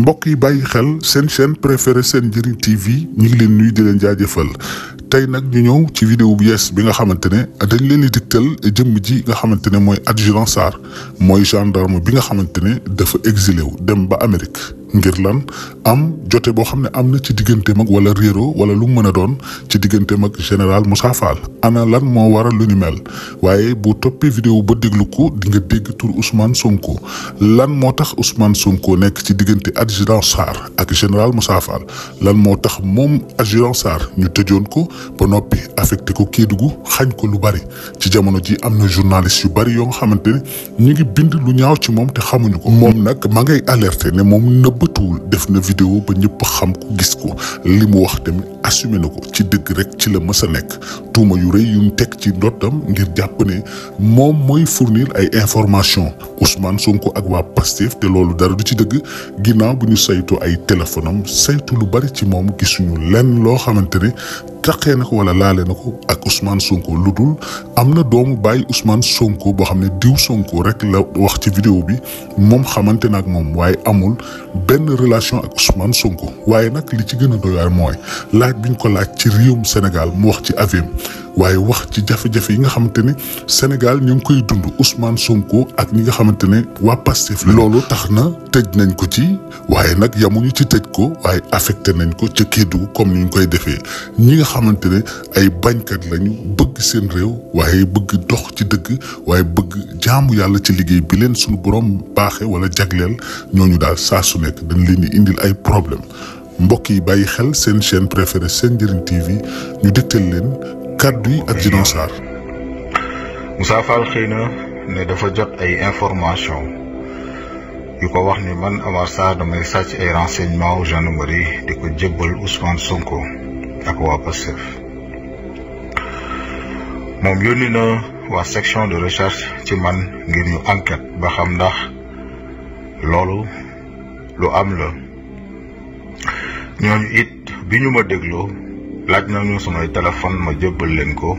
mbokk yi bàyyi xel seen chaîne préférée seen njëriñ TV ñu ngi leen nuyu di leen jaajëfal tay nak ñu ñëw ci vidéo bu yes bi nga xamantene dañ leen di diktal jëm ji nga xamantene moy adjudant sar moy gendarme bi nga xamantene dafa exilé wu dem ba Amérique ngir lan am jote bo xamné amna ci digënté mak wala rero wala lu mëna doon ci digënté mak général Moussa Fall ana lan mo wara lu ni mel waye bu topé vidéo ba déglu ko di nga dégg tour Ousmane Sonko lan mo tax Ousmane Sonko nek ci digënté adjudant Sar ak général Moussa Fall lan mo tax mom adjudant Sar ñu tejjon ko ba noppi affecté ko Kédougou xañ ko lu bari ci jamono ji am na journaliste yu bari yoo xamante ne ñu ngi bind lu ñaaw ci moom te xamuñu ko. moom nag ma ngay alerté ne moom nëbbatuwul def na vidéo ba ñëpp xam ko gis ko li mu wax tamit assumé na ko ci dëgg rek ci la mës a nekk tuuma yu rëy yu teg ci ndottam ngir jàpp ne moom mooy fournir ay information Ousmane Sonko ak waa Pastef te loolu dara du ci dëgg ginnaaw bu ñu saytu ay téléphone am saytu lu bari ci moom gisuñu lenn loo xamante ne taqee na ko wala laale na ko ak Ousmane Sonko lu dul am na doomu bàyyi Ousmane Sonko boo xam ne diw Sonko rek la wax ci vidéo bi moom xamante na ak moom waaye amul benn relation ak Ousmane Sonko waaye nag li ci gën a doy mooy laaj bi ko laaj ci réewum Sénégal mu wax ci aviam waaye wax ci jafe yi nga xamante ne Sénégal ñu ngi koy dund Ousmane Sonko ak ñi nga xamante ne waa Pastef loolu tax na tëj nañ ko ci waaye nag yamuñu ci tëj ko waaye affecté nañ ko ci ca Kédougou comme ni ñu koy defee xamante ne ay bañkat lañu bëgg seen réew waaye bëgg dox ci dëgg waaye bëgg jaamu yàlla ci liggéey bi leen suñu borom baaxe wala jagleel ñooñu daal saa su nekk dañ leen di indil ay problème mbokk yi bàyyi xel seen chaîne préférée seen njëriñ TV ñu dégtal leen kàddu yi ak Djinon Sarr Moussa xëy na ne dafa jot ay information yu ko wax ni man Omar Sarr damay sàcc ay renseignement au di ko jébbal Ousmane Sonko ak waa moom yónni na waa section de recherche ci man ngir ñu enquête ba xam ndax loolu lu am la ñooñu it bi ñu ma dégloo laaj na ñu samay téléphone ma jébbal leen ko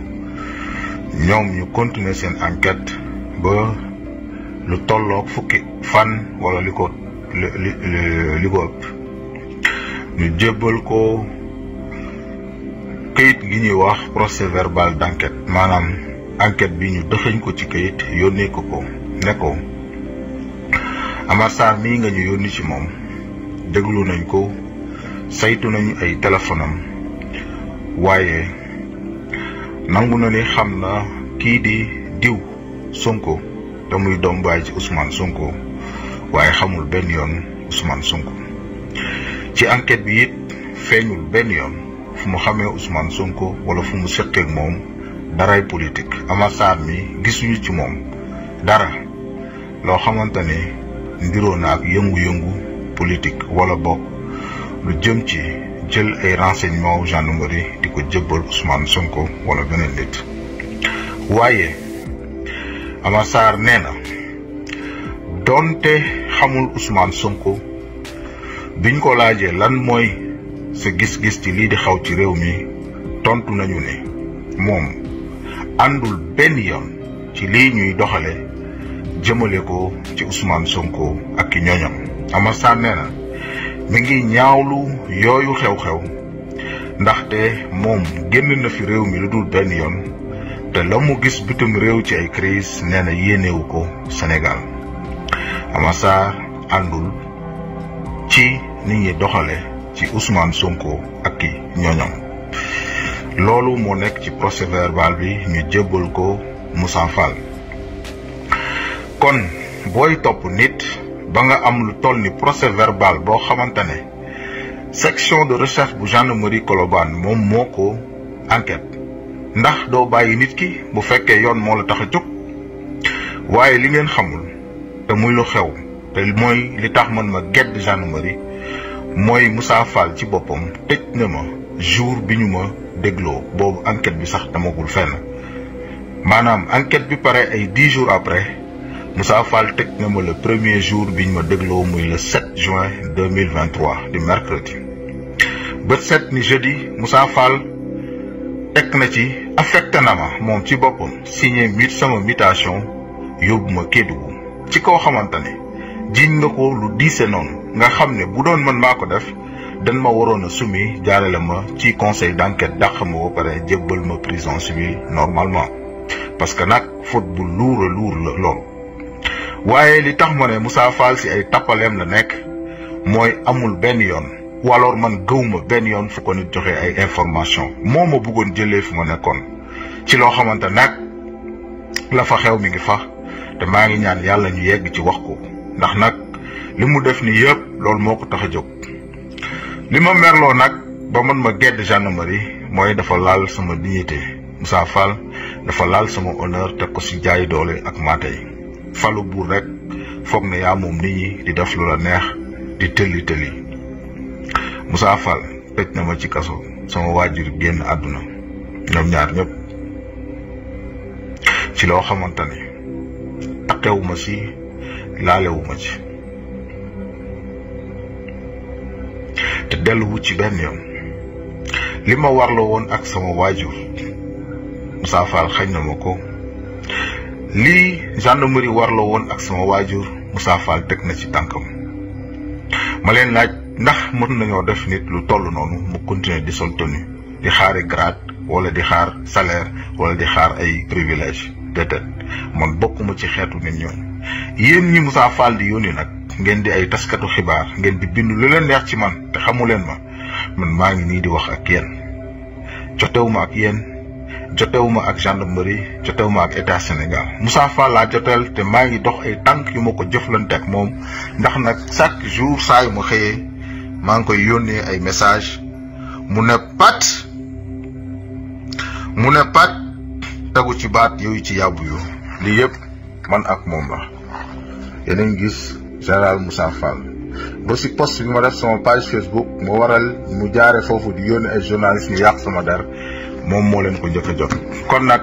ñoom ñu continuer seen enquête ba lu tollook fukki fan wala li ko li ko ëpp ñu jébbal ko. këyit gi ñuy wax procès verbal d'enquête maanaam enquête bi ñu dëxëñ ko ci këyit yónnee ko ko ne ko Amar Sarr mii nga ñu yónni ci moom déglu nañ ko saytu nañu ay téléphone am waaye nangu na ni xam na kii di diw Sonko te muy doom baay ci Ousmane Sonko waaye xamul benn yoon Ousmane Sonko ci enquête bi it feeñul benn yoon fu mu xamee Ousmane Sonko wala fu mu seqeeg moom daray politique Ama Sarr mi gisuñu ci moom dara loo xamante ne ndiroo na ak yëngu-yëngu politique wala bokk lu jëm ci jël ay renseignements wu gendarmerie di ko jébbal Ousmane Sonko wala beneen nit waaye Ama Sarr nee na donte xamul Ousmane Sonko biñ ko laajee lan mooy. sa gis-gis ci lii di xaw ci réew mi tontu nañu ne moom àndul benn yoon ci lii ñuy doxale jëmale ko ci Ousmane Sonko ak ki ñooñam Amar Sarr nee mi ngi ñaawlu yooyu xew-xew ndaxte moom génn na fi réew mi lu dul benn yoon te la mu gis bitim réew ci ay crise nee na yéenewu ko senegaal Amar Sarr àndul ci nit ñi doxale ci Ousmane Sonko ak ki ñooñam loolu moo nekk ci procès verbal bi ñu jébbal ko Moussa Fall kon booy topp nit ba nga am lu toll ni procès verbal boo xamante ne section de recherche bu gendarmerie Colobane moom moo ko enquête ndax doo bàyyi nit ki bu fekkee yoon moo la tax a jóg waaye li ngeen xamul te muy lu xew te mooy li tax man ma gedd gendarmerie moy Moussa Fall ci bopom tëj na ma jour bi ñu ma enquête bi sax tamagul fenn manam enquête bi pare ay dix jours après Moussa Fall tëj na ma le premier jour bi ñu ma muy le 7 juin 2023 di mercredi bët set ni jeudi Moussa Fall tek na ci affecté na ma mom ci bopom signé mit sama mutation yobuma ma ci ko xamante ne nga ko lu non nga xam ne bu doon man maa ko def dan ma waroon a summi la ma ci conseil d'enquête dàq ma ba pare jébbal ma prison suivi normalement parce que nag faute bu luur a luur la lool. waaye li tax ma ne Moussa Fall si ay tappaleem la nekk mooy amul benn yoon waloor man gëwma benn yoon fu ko nit joxe ay information moo ma bëggoon jëlee fu ma nekkoon ci loo xamante nag la fa xew mi ngi fa te maa ngi ñaan yàlla ñu yegg ci wax ko ndax nag li mu def nii yëpp loolu moo ko tax a jóg li ma merloo nag ba man ma gedd gendarmerie mooy dafa laal sama dignité Moussa Fall dafa laal sama honneur teg ko ci jaay doole ak maatay falu buur rekk foog ne yaa moom nit ñi di def lu la neex di tëlli tëlli Moussa Fall tëj na ma ci kaso sama waajur génn àdduna ñoom ñaar ñëpp ci loo xamante ne taqewuma ci laalewuma ci delluwu ci benn yoon li ma warloo woon ak sama waajur Moussa Fall na ma ko lii gendarmerie warloo woon ak sama waajur Moussa teg na ci tànkam ma leen laaj ndax mën nañoo def nit lu toll noonu mu continuer di sol tenue di xaari grade walla di xaar salaire walla di xaar ay privilège déedéet man bokkuma ci xeetu nit ñooñu yéen ñi Moussa Fall di yónni nag. ngeen di ay taskatu xibaar ngeen di bind lu leen neex ci man te xamu leen ma man maa ngi nii di wax ak yéen jotewuma ak yéen jotewuma ak gendarmerie jotewuma ak état Sénégal Moussa Fall laa joteel te maa ngi dox ay tànk yu ma ko jëflante ak moom ndax nag chaque jour saa yu ma xëyee maa ngi koy yónnee ay message mu ne pat mu ne pat tegu ci baat yooyu ci yàbbu yu lii yëpp man ak moom la général Moussa Fall ba post bi ma def sama page facebook mo waral mu jaare fofu di yone ay journalist ñu yàq sama dar mom mo leen ko njëkk a kon nak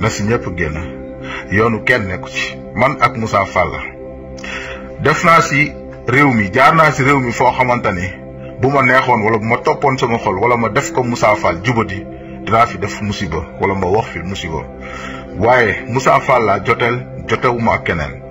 na ci ñëpp genn yoonu kenn ci man ak Moussa Fall def na si réew mi jaar na ci réew mi fo xamantani buma neexon wala buma topon sama xol wala ma def ko Moussa Fall jubati dinaa fi def musiba wala ma wax fi musiba waye Moussa Fall la jotel jotewuma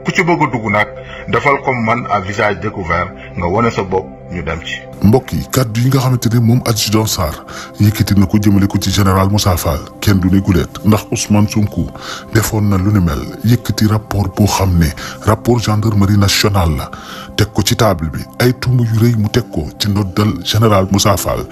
ku ci bëgg a dugg nag defal comme man à visage découvert nga wane sa bopp. ñu dem mbokk yi kàddu yi nga xamante ne moom adjudant Sarr yëkkati na ko jëmale ko ci général Moussa Fall kenn du ne guleet ndax Ousmane Sonko defoon na lu ni mel yëkkati rapport boo xam ne rapport gendarmerie nationale la teg ko ci table bi ay tuuma yu rëy mu teg ko ci ndoddal général Moussa Fall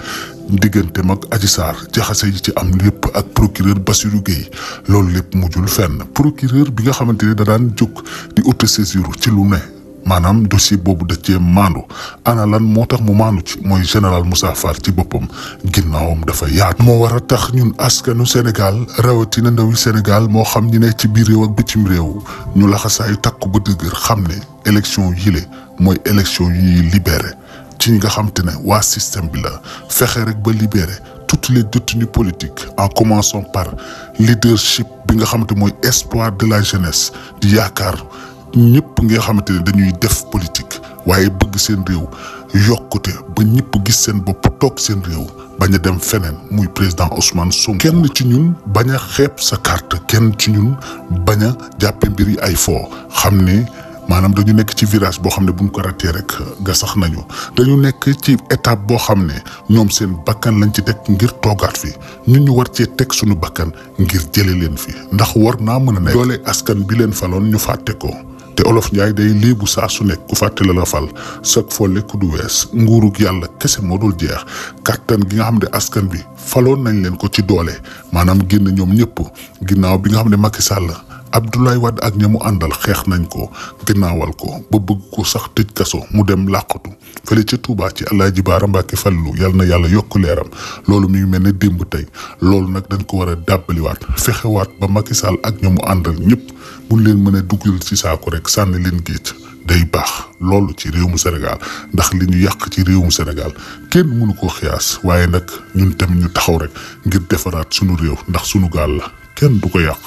diggante mag Adji Sarr jaxase yi ci am lépp ak procureur Bassirou Guèye loolu lépp mujjul fenn procureur bi nga xamante ne da daan jóg di auto-saisir ci lu ne. manam dossier bobu da ci mandu ana lan motax mo mu maandu ci moy general Moussa Fall ci bopam ginnawum dafa yaat mo wara tax ñun askanu Sénégal na ndawi Sénégal mo xam ñu ne ci biir rew ak bitim rew ñu laxasaayu takk ba dëgër xam ne élection yile mooy élection yi libéré ci nga xam te système bi la fexé rek ba libéré. toutes les détenues politiques en commençant par leadership bi nga xam espoir de la jeunesse di ñëpp nga xamante ne dañuy def politique waaye bëgg seen réew yokkute ba ñëpp gis seen bopp toog seen réew bañ dem feneen muy président Ousmane Sonko. kenn ci ñun bañ a xeeb sa carte kenn ci ñun bañ a jàppe mbir yi ay foo xam ni maanaam dañu nekk ci virage boo xam ne bu ko ratee rek nga sax nañu dañu nekk ci étape boo xam ne ñoom seen bakkan lañ ci teg ngir toogaat fi ñu ñu war cee teg suñu bakkan ngir jële leen fi ndax war naa mën a nekk doole askan bi leen faloon ñu fàtte ko te olof Njaay day léebu saa su nekk ku fàtte la la fal sag folle du wees nguurug yàlla kese moo dul jeex kàttan gi nga xam ne askan bi faloon nañ leen ko ci doole maanaam génn ñoom ñëpp ginnaaw bi nga xam ne Macky Sall Abdoulaye Wade ak ña mu àndal xeex nañ ko ginnaawal ko ba bëgg ko sax tëj kaso mu dem làqatu fële ca Touba ci Alaaji Baara Mbàkke Fallu yal na yàlla yokk leeram loolu mi ngi mel ne démb tey loolu nag dañ ko war a dàbbaliwaat fexewaat ba Macky Sall ak ña mu àndal ñëpp buñ leen mën a dugal ci saako rek sànni leen géej day baax loolu ci réew mu Sénégal ndax li ñu yàq ci réew mu Sénégal kenn mënu ko xiyaas waaye nag ñu tamit ñu taxaw rek ngir defaraat sunu réew ndax sunu gaal la kenn du ko yàq.